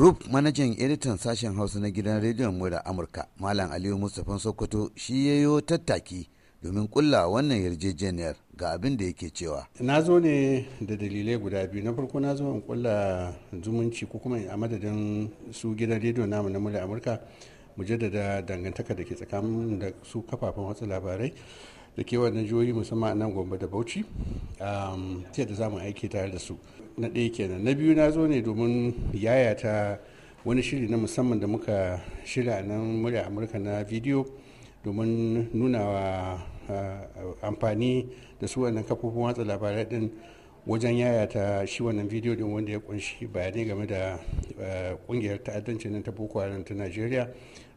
group manajan editan sashen hausa na gidan rediyon mura amurka malam aliyu mustapha sokoto shi ya yi tattaki domin kulla wannan yarjejeniyar ga abin da yake cewa na zo ne da dalilai guda biyu na farko na zo in kulla zumunci ko kuma a madadin su gidan rediyo namu na murya amurka mu jaddada dangantaka da ke tsakanin da su kafafen watsa labarai da ke wannan jihohi musamman nan gombe da bauchi um, ta da za mu aiki tare da su na ɗaya kenan na biyu na zo ne domin yayata wani shiri na musamman da muka shirya nan murya amurka na bidiyo domin nuna wa amfani da su wannan kafofin watsa labarai din wajen yayata shi wannan bidiyo din wanda ya kunshi bayanai game da kungiyar ta'addanci nan ta boko haram ta najeriya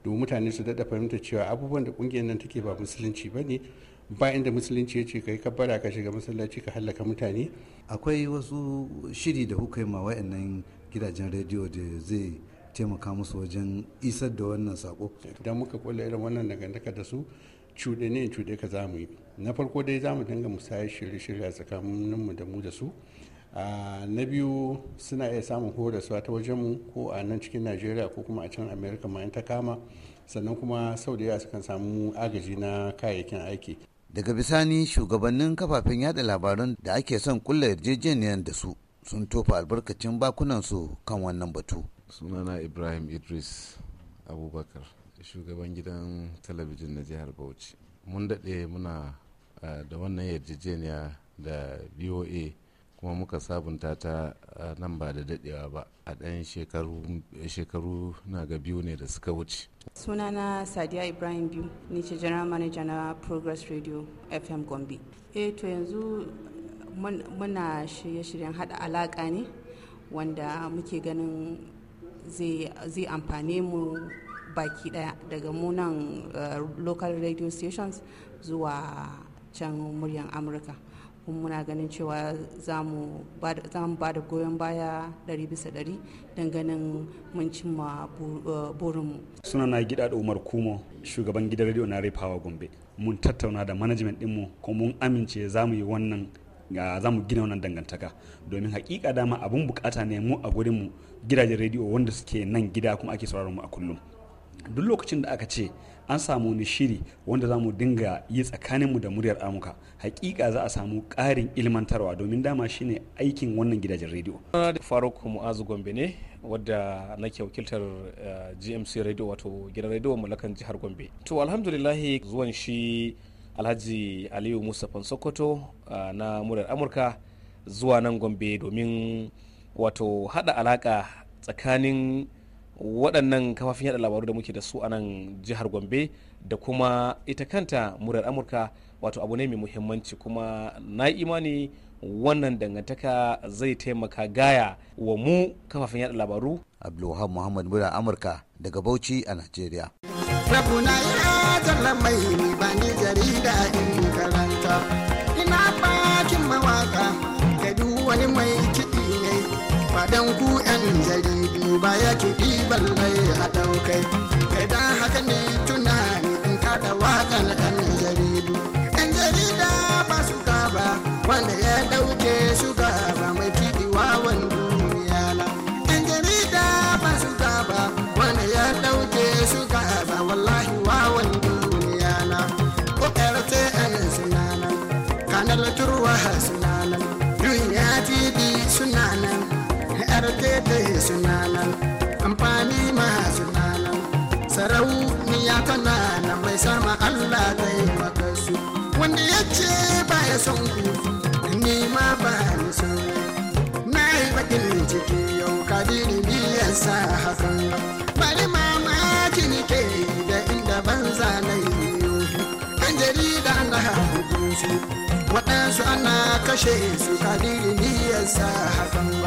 domin mutane su daɗa fahimta cewa abubuwan da kungiyar nan take ba musulunci ba ne ba inda musulunci ya ce ka yi kabbara ka shiga masallaci ka hallaka mutane akwai wasu shiri da kuka yi ma wa'annan gidajen rediyo da zai taimaka musu wajen isar da wannan sako idan muka kula irin wannan dangantaka da su cuɗe ne cuɗe ka zamu yi na farko dai za mu dinga musayar shirye-shirye a tsakaninmu da mu da su ah, na biyu suna iya samun horaswa ta wajen mu ko a nan cikin najeriya ko kuma a can amerika ma ta kama sannan kuma sau da yawa sukan samu agaji na kayayyakin aiki daga bisani shugabannin kafafen yada labaran da ake son kulla yarjejeniyar da su sun tofa albarkacin bakunansu kan wannan batu sunana ibrahim idris abubakar shugaban gidan talabijin na jihar bauchi mun daɗe muna eh, da wannan yarjejeniya da voa kuma muka sabunta ta nan ba da dadewa ba a ɗan shekaru na ga biyu ne da suka wuce sunana sadiya ibrahim biyu ni ce general manager na progress radio fm gombe eh to yanzu muna shirye-shiryen haɗa alaka ne wanda muke ganin zai amfane mu baki ɗaya daga munan eh, local radio stations zuwa can muryan amurka kuma muna ganin cewa za mu ba da goyon baya ɗari bisa ɗari don ganin mun cimma eh, burinmu. suna na gida da umar kumo shugaban gidan radio na rifawa gombe mun tattauna da management dinmu kuma mun amince za mu yi wannan za mu gina wannan dangantaka domin hakika dama abun bukata ne mu a gurinmu gidajen rediyo wanda suke nan gida kuma ake sauraron mu a kullum duk lokacin da aka ce an samu wani shiri wanda za mu dinga yi tsakaninmu da muryar amuka hakika za a samu ƙarin ilmantarwa domin dama shine aikin wannan gidajen rediyo faruk mu'azu gombe ne wadda nake wakiltar eh, gmc radio wato gidan rediyo mulakan jihar gombe to alhamdulillahi zuwan shi alhaji aliyu musa sokoto eh, na muryar amurka zuwa nan gombe domin wato hada alaka tsakanin waɗannan kafafin yada labaru da muke da su a nan jihar gombe da kuma ita kanta murar amurka wato abu ne mai muhimmanci kuma na imani wannan dangantaka zai taimaka gaya wa mu kafafin yada labaru abdulwahab muhammad murar amurka daga bauchi a nigeria ya ina bakin mawaka wani mai kiɗi ne fadan ku 'yan jarida ba ya cuɗi balle a ɗaukai kai da haka ne tunani in kaɗa waƙan ɗan ya tana nan mai sarma Allah ta yi maka su wanda ya ce ba ya son ku ni ma ba ni son na yi bakin ciki yau ka kadiri ni ya sa hakan bari mamaki ni ke da inda banza na yi an jarida na haɗu su waɗansu ana kashe su ka kadiri ni ya sa hakan ba